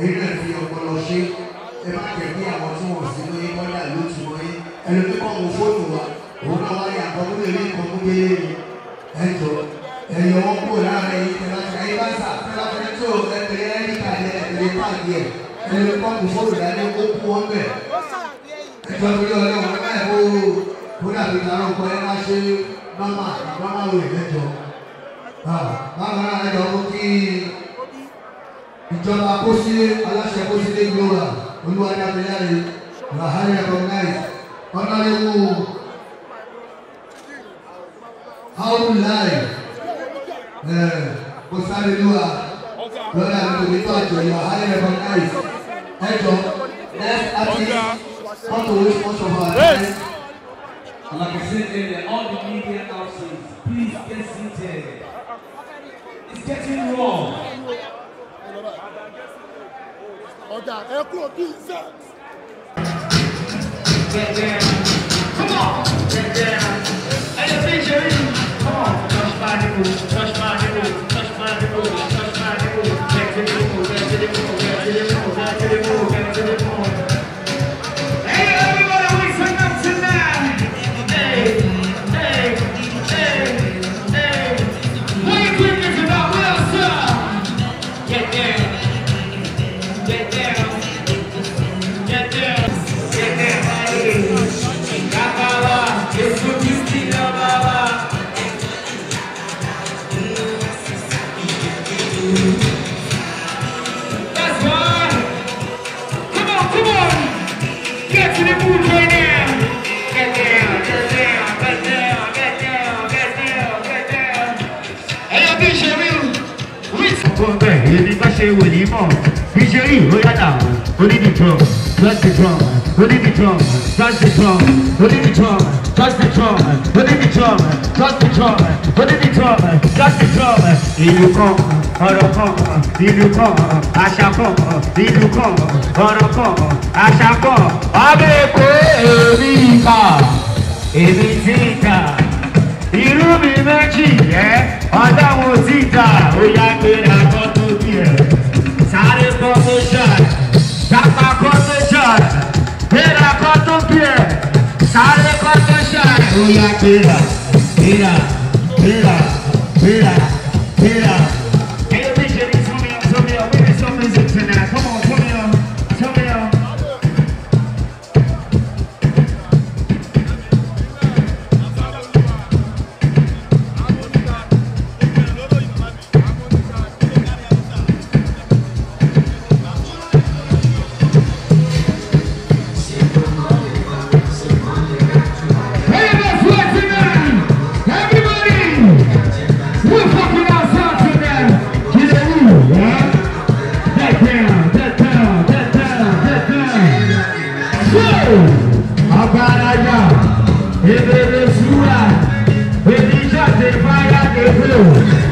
ẹ̀yin náà fi ọpọlọ ṣe ẹ má jẹ́ kí àwọn tí wọ́n sì lóye mọ́lẹ́ àlótú wọ́n yé ẹlòmí kọ́ mo fóònù wa òun náà wáyé àkọ́kọ́ lè rí nǹkan kúndé lẹ́yìn ẹ jọ ẹ̀yọ̀ wọn kúrò láàrin ẹ̀yin tẹ̀lá ẹ̀yin bá sà tẹ̀lá fẹ́ tó ẹ̀tẹ̀lẹ̀ ẹ̀ríkà lẹ̀ ẹ̀tẹ̀lẹ̀ pàdé ẹ̀ ẹlòmí kọ́ mo fóònù dání ó kú wọn bẹ̀ ẹjọ́ mi lọ lẹ́wọ̀n ẹ̀ máa ẹ̀kọ́ kó dàbí ìdáná nǹkan ẹ̀ má ṣe bá má bá má wò ẹ̀ ìjọba Kósílé aláṣẹ Kósílé Global olúwadámiláre rahari recognize ọ̀nàdẹ́wò haúlù láì kòsárélúwa lọ́dà nítorí tó àjọyọ̀ rahari recognize ẹjọ́ next artist want to wish most of our friends and like I said earlier all the media houses please get seated it's getting warm ọ̀gá ẹ kúrò bíi we ṣe wòlímọ̀ bí ṣe rí ó yàtà oní the drum press the drum oní the drum press the drum oní the drum press the drum oní the drum press the drum oní the drum press the drum shall kan ọ̀rọ̀ kan ìlú kan àṣà kan ìlú kan ọ̀rọ̀ kan àṣà kan ọbẹ̀ We èmi kà èmi Vira kọ́ tó bí ẹ̀ sáré kọ́ tó ṣàì. ó yá gbéra 嗯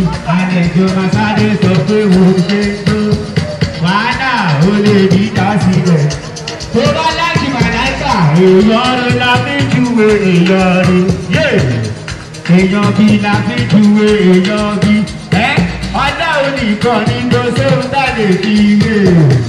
àdẹ̀jọ́ máa sáré sọ pé wo ṣe ń tó wàhálà ó lè ní ìdásí rẹ̀ tó bá láti màláìkà èèyàn ló la fi júwe èèyàn rẹ̀ yé bí la fi júwe èèyàn bí ẹ ọ̀dà òní kan ní sóhun tá lè fi wé